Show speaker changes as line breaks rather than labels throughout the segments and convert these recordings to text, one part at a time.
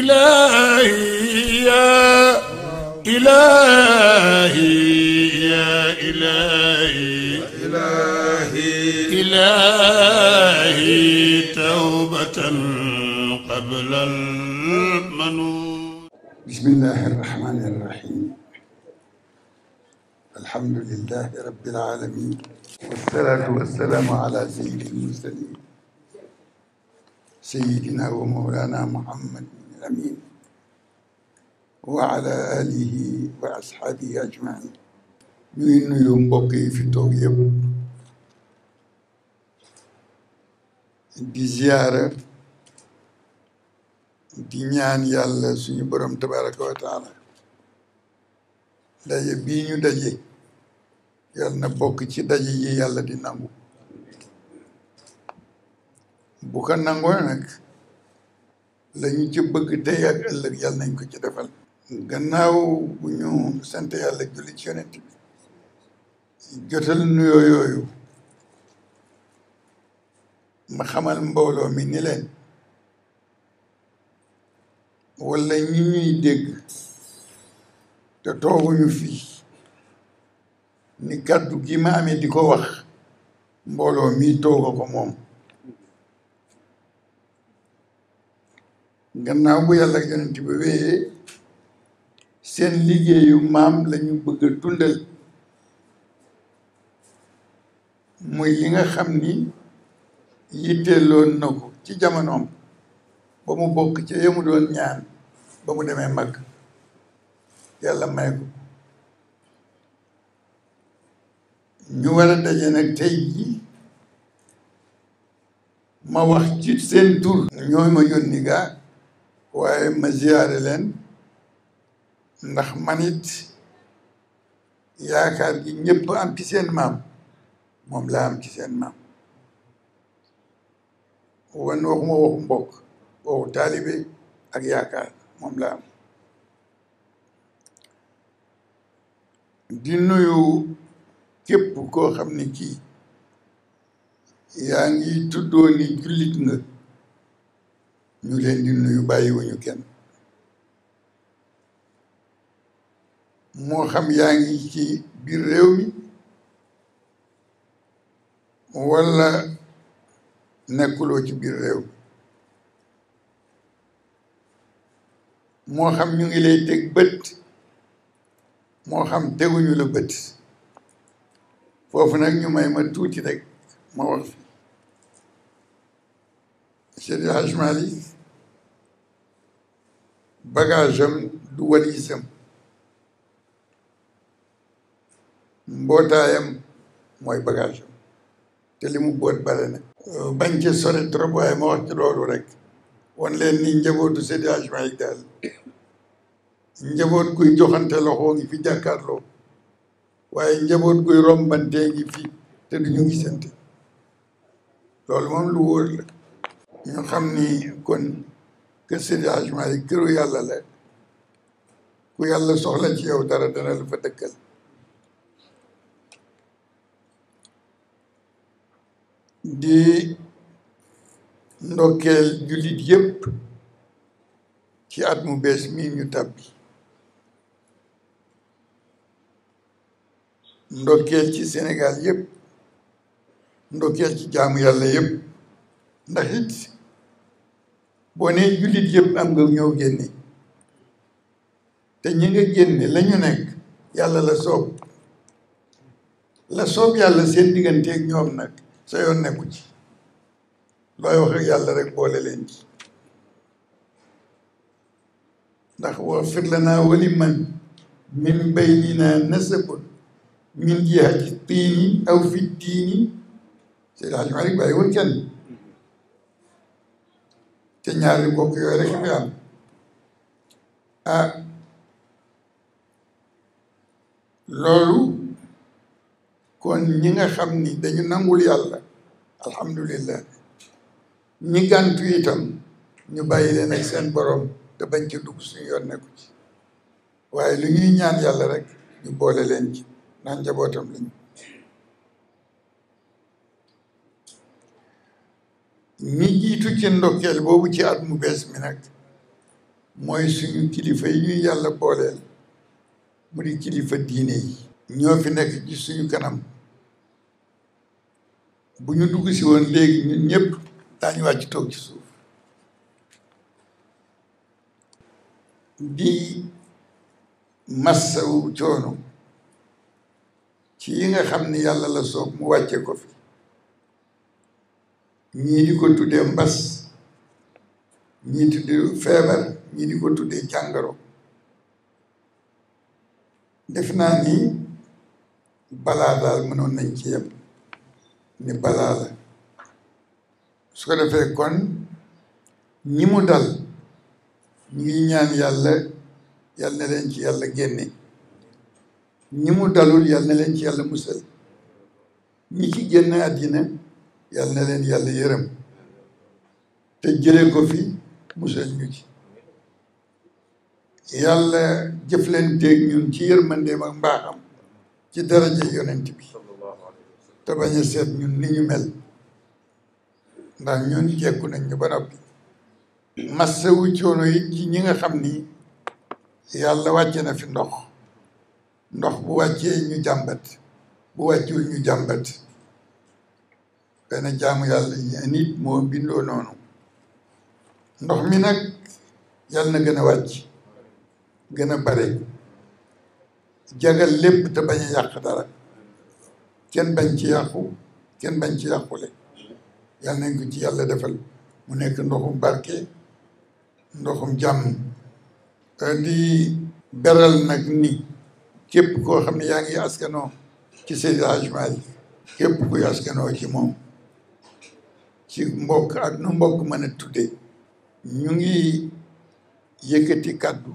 إلهي يا إلهي يا إلهي إلهي إلهي توبة قبل المنون بسم الله الرحمن الرحيم الحمد لله رب العالمين والصلاة والسلام على سيد المرسلين سيدنا ومولانا محمد الأمين وعلى آله وأصحابه أجمعين ñuy nuyu mbokk yi fi toog yëpp di ziyaara di ñaan yàlla suñu borom tabaraka wa taala daje bii ñu daje yàlla na bokk ci daje yi yàlla di nangu bu ko nangoo lañu ci bëgg tey ak ëllëg yàlla nañ ko ci defal gannaaw bu ñu sant yàlla julli ci yonent bi jotal nuyoo yooyu ma xamal mbooloo mi ni leen wala ñi ñuy dégg te tooguñu fii ni kàddu gi ma amee di ko wax mbooloo mi tooga ko moom gannaaw bu yàlla ak yonent bi seen liggéeyu maam lañu bëgg a dundal muy li nga xam ni yitteeloon na ko ci jamonoom ba mu bokk ci yamu doon ñaan ba mu demee mag yàlla may ko ñu war a daje nag tey ji ma wax ci seen tur ñooy ma yónni gaa waaye ma ziyaare leen ndax manit it yaakaar gi ñëpp am ci seen maam moom laa am ci seen maam wan waxuma waxu mbokk waxu taalibe ak yaakaar moom laa am di nuyu képp koo xam ni kii yaa ngi tuddoo ni jullit nga ñu leen di nuyu bàyyiwuñu kenn moo xam yaa ngi ci biir réew mi walla nekkuloo ci biir réew mi moo xam ñu ngi lay teg bët moo xam teguñu la bët foofu nag ñu may ma tuuti rek ma wax fi Seydi Hajji bagage am du walisam mbootaayam mooy bagage te limu mu boot bare na euh, bañ ci sore trop waaye ma wax ci loolu rek wan leen ni njabootu Seydi Hadji daal njaboot guy joxante loxo ngi fi jàkkaarloo waaye njaboot guy rombante ngi fi te duñu gisante loolu moom lu wóor la xam ni kon kër Seydi Hadji Malick këru yàlla la ku yàlla soxla ci yow dara dana la fa dëkkal di ndokkeel jullit yépp ci at mu bees mii ñu tàbbi ndokkeel ci Sénégal yépp ndokkeel ci jaamu yàlla yépp ndax boo ne jullit yëpp am nga ñëw génne te ñi nga génne la nekk yàlla la soob la soob yàlla seen digganteeg ñoom nag sa yoon nekku ci looy wax yàlla rek boole leen ci ndax waxfir mi wali man naa baynina nasabun min jihati tiini aw fi diini Seydi Hajji Maalik bàyyi wul kenn te ñaar mbokk yooyu rek fi am ah loolu kon ñi nga xam ni dañu nangul yàlla alhamdulillah ñi gàntu itam ñu bàyyi leen ak seen borom te bañ ci dugg suñu yoon nekku ci waaye lu ñuy ñaan yàlla rek ñu boole leen ci naan njabootam ñi jiitu ci ndokkeel boobu ci at mu bees mi nag mooy suñu kilifa yi ñu yàlla booleel mu di kilifa diine yi ñoo fi nekk ci suñu kanam bu ñu dugg si woon léegi ñun ñëpp daañu wàcc toog ci suuf di massawu coono ci yi nga xam ni yàlla la soog mu wàcce ko fi ñii di ko tuddee mbas ñii tudde feebar ñii di ko tuddee jàngoro def naa ni balaa daal mënoon nañ ci yem ni balaa la su defee kon ñi mu dal ñu ngi ñaan yàlla yàlla na leen ci yàlla génne ñi mu dalul yàlla na leen ci yàlla musal ñi ci génn àddina yàlla na leen yàlla yërëm te jëlee ko fi musal ñu ji yàlla jëflanteeg ñun ci yërmandeem ak mbaaxam ci daraja yonent bi te bañ a seet ñun ni ñu mel ndax ñun jekku nañ ñu ba noppi massawu coono yi ci ñi nga xam ni yàlla wàcce na fi ndox ndox bu wàccee ñu jàmbat bu wàccul ñu jàmbat benn jaamu yàlla nit moo bindoo noonu ndox mi nag yàlla na gën a wàcc gën a bare jagal lépp te bañ a yàq dara kenn bañ ci yàqu kenn bañ ci yàqule yàlla na ko ci yàlla defal mu nekk ndoxum barke ndoxum jàmm euh, di beral nag ni képp koo xam ne yaa ngi askanoo ci Seydi Hadji Malick képp kuy askanoo ci moom ci mbokk ak nu mbokk mën tudde ñu ngi yëkkati kàddu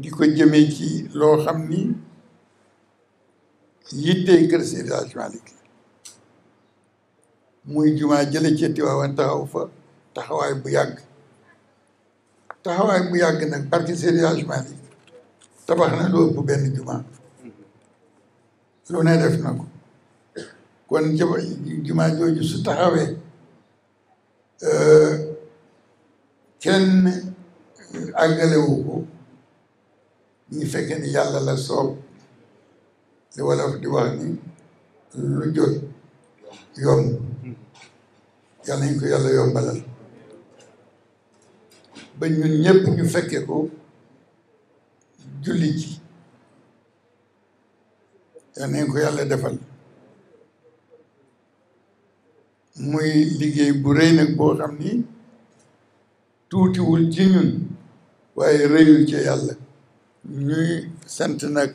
di ko ci loo xam ni yittee kër Seydi El Hadji muy jumaa jële ci Tiwaawan taxaw fa taxawaay bu yàgg taxawaay bu yàgg nag parce que Seydi El tabax na lu ëpp benn jumaa lu ne def na kon jama jumaa jooju su taxawee euh, kenn euh, àggalewu ko ñu fekkee ni yàlla la soob li wolof di wax lu jot yomb yàlla ñu ko yàlla yombalal ba ñun ñëpp ñu fekke ko julli ko yàlla defal muy liggéey bu rëy nag boo xam ni tuutiwul ji ñun waaye rëyul ci yàlla ñuy sant nag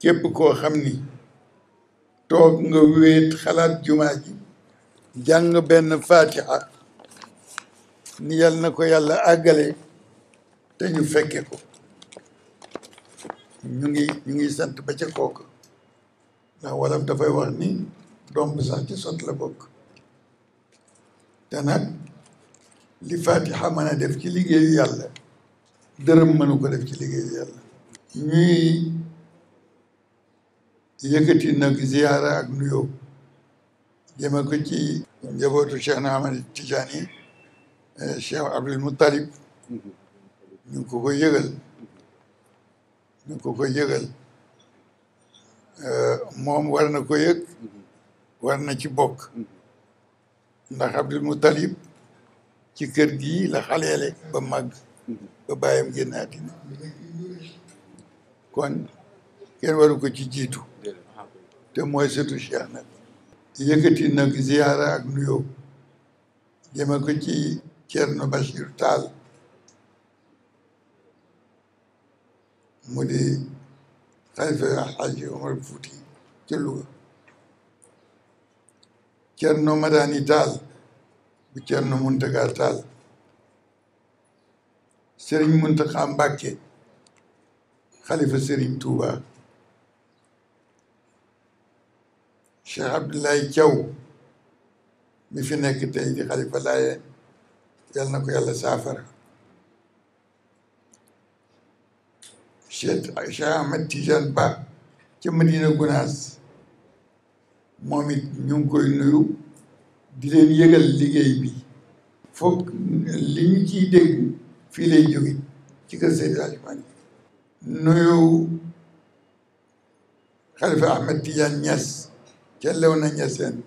képp koo xam ni toog nga wéet xalaat jumaa ji jàng benn faatiha ni yàlla na ko yàlla àggale te ñu fekke ko ñu ngi ñu ngi sant ba ca kooku ndax wolof dafay wax ni doom bi sax ci sot la bokk te li fatiha mën def ci liggéey yàlla dërëm mënu ko def ci liggéeyu yàlla ñuy yëkkati nag ziyaara ak nuyoo jëme ko ci njabootu Cheikh na Ahmad Tijaani eh, Cheikh Abdul Muttalib ñu ko ko yëgal ko ko yëgal moom war na yëg war na ci bokk ndax Abdul Muttalib ci kër gi la xaleele ba màgg ba bàyyam génn àddina kon kenn waru ko ci jiitu te mooy sëtu Cheikh nag yëkkati nag ziyaara ak nuyoo jëme ko ci Thierno Bachir Tall mu di xalifa Alhaji Omar Fouti ca Louga Cerno Madani Taal bu Cerno Muntaga Taal Sëriñ Muntaxa Mbàkke xalifa Sëriñ Tuuba Cheikh Abdoulaye Thiaw mi fi nekk tey di xalifa Laayeen yal na ko yàlla saafara Cheikh Ahmed Tidiane Ba ca Madina Gunaas moom it ñu koy nuyu di leen liggéey bi foog li ñu ciy dégg fii ci kër Seydi Hadji Malick nuyu Khalifa Ahmed Tidiane Niass ca Léona Niassène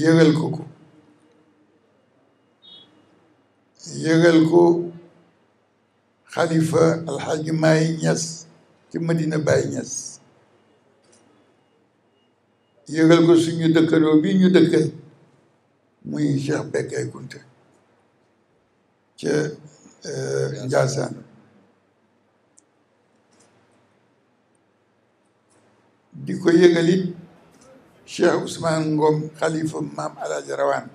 yëgal ko ko yëgal ko Khalifa Alhaji Maye Niass ci Medina Baye Niass yëgal ko suñu dëkkandoo bi ñu dëkke muy Cheikh Bekkay Kunte ca euh, Njaasaan di ko yëgalit Cheikh Ousmane Ngom xalifa maam Alaaji Rawaan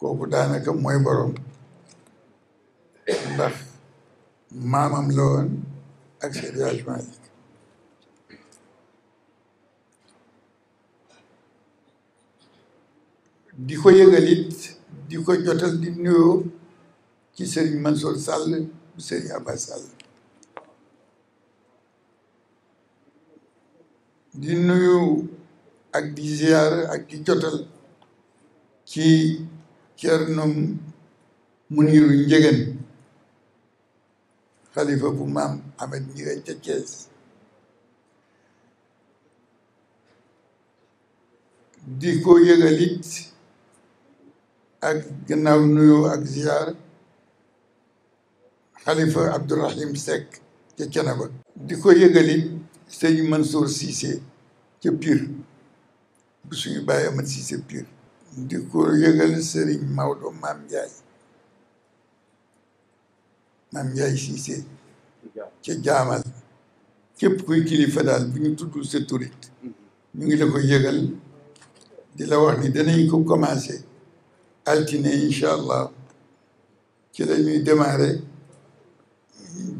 kooku daanaka mooy borom ndax maamam la ak Seydi Hadji di ko yëgal it di ko jotal di nuyoo ci Serigne Mansour Sall bu Serigne Abbas Sall di nuyu ak di ziar ak di jotal ci Ceernom Muniru Njëgën xalifa bu maam Ahmed Njëgën ca di ko yëgal ak gannaaw nuyoo ak ziar xalifa Abdourahim Seck ca Thiénaba di ko yëgali sëñ Mansour Cissé ca Pire bu suñu bàyyi Amat Cissé Pire di ko yëgal sëriñ Maodo Maam Ndiaye Maam Ndiaye Cissé ca jaamal képp kuy kilifa daal bu ñu tudd sa turit ñu ngi la ko yëgal di la wax ni danañ ko commencé altine incha allah ci la ñuy démarrer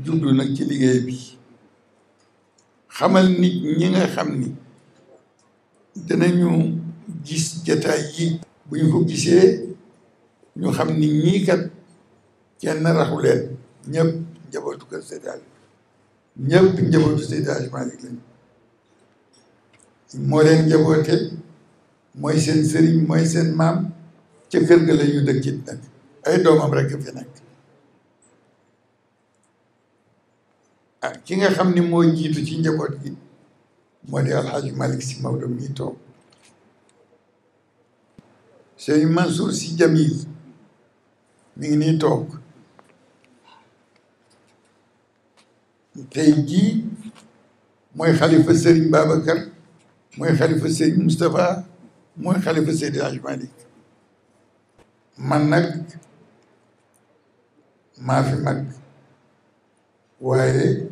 jublu nag ci liggéey bi xamal ni ñi nga xam ni dinañu gis jataay yi bu ñu ko gisee ñu xam ni ñii kat kenn raxu leen ñëpp njabootu kër Seydi Hadj ñëpp njabootu Seydi Hadj Malick lañ njaboote mooy seen sëriñ mooy seen maam ci kër ga la ñu dëkkit nag ay doomam rek fi nekk ah ki nga xam ni moo jiitu ci njaboot gi moo di alxaaji Malick si Maodo mii toog Sëriñ Mansour si Jamil mi ngi nii toog tey jii mooy xalifa Serigne Babacar mooy xalifa Serigne Moustapha mooy xalifa Seydi Hadj Malick man nag maafi fi mag waaye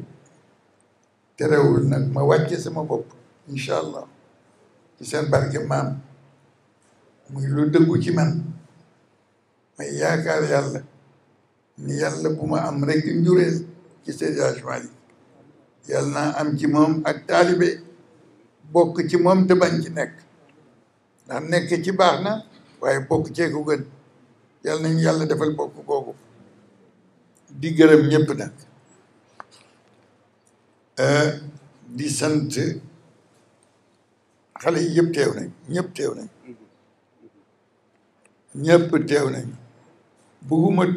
terewul nag ma wàcce sama bopp incha allah ci seen barke maam muy lu dëggu ci man may yaakaar yàlla ni yàlla bu ma am rek njureel ci Seydi Hadji Malick yàlla naa am ci moom ak taalibe bokk ci moom te bañ ci nekk ndax nekk ci baax na waaye bokk ceeku gën yàlla nañu yàlla defal bokk kooku di gërëm ñëpp nag eh, di sant xale yi yëpp teew nañ ñëpp teew nañ ñëpp teew nañ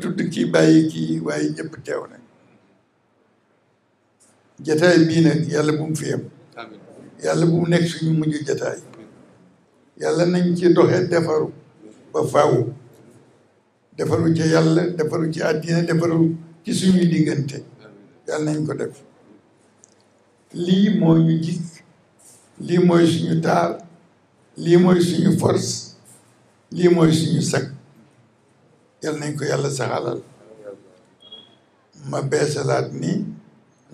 tudd kii bàyyi kii waaye ñëpp teew nañ jataay bii nag yàlla bu mu fi yem nekk suñu mujj jataay yàlla nañ ci doxee defaru ba faaw defaru ci yàlla defaru ci àddina defaru ci suñu diggante yàlla nañ ko def lii moo ñu jig lii mooy suñu taal lii mooy suñu force lii mooy suñu sag yàlla nañ ko yàlla saxalal ma beesalaat ni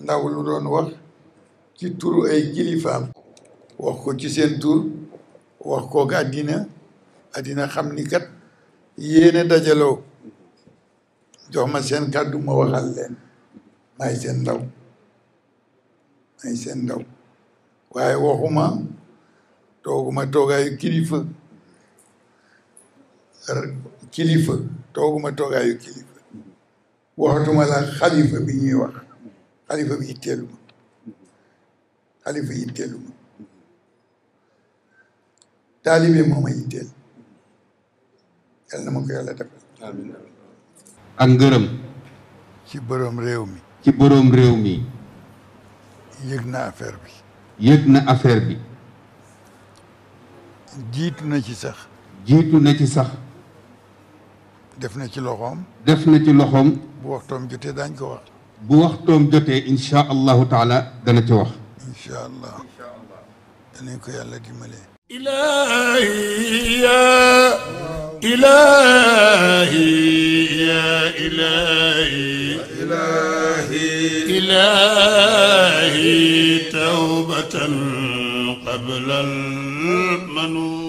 ndaw lu doon wax ci turu ay kilifaam wax ko ci seen tur wax koog àddina àddina xam ni kat yéene dajaloo jox ma seen kàddu ma waxal leen maay seen ndaw maay seen ndaw waaye waxuma tooguma toogaayu kilifa kilifa tooguma toogaayu kilifa waxatuma xalifa bi ñuy wax xalifa bi yitteeluma xalifa yitteeluma taalibe mooma yitteel yal na ma ko ak ngërëm. ci boroom réew mi. ci boroom réew mi. yëg na affaire bi. yëg na affaire bi. jiitu na ci sax. jiitu na ci sax. def na ci loxoom. def na ci loxoom. bu waxtoom jotee daañ ko wax. bu waxtoom jotee incha allahu taala dana ci wax. incha allah. danañ ko yàlla dimbalee. إلهي يا إلهي يا إلهي إلهي إلهي توبة قبل المنون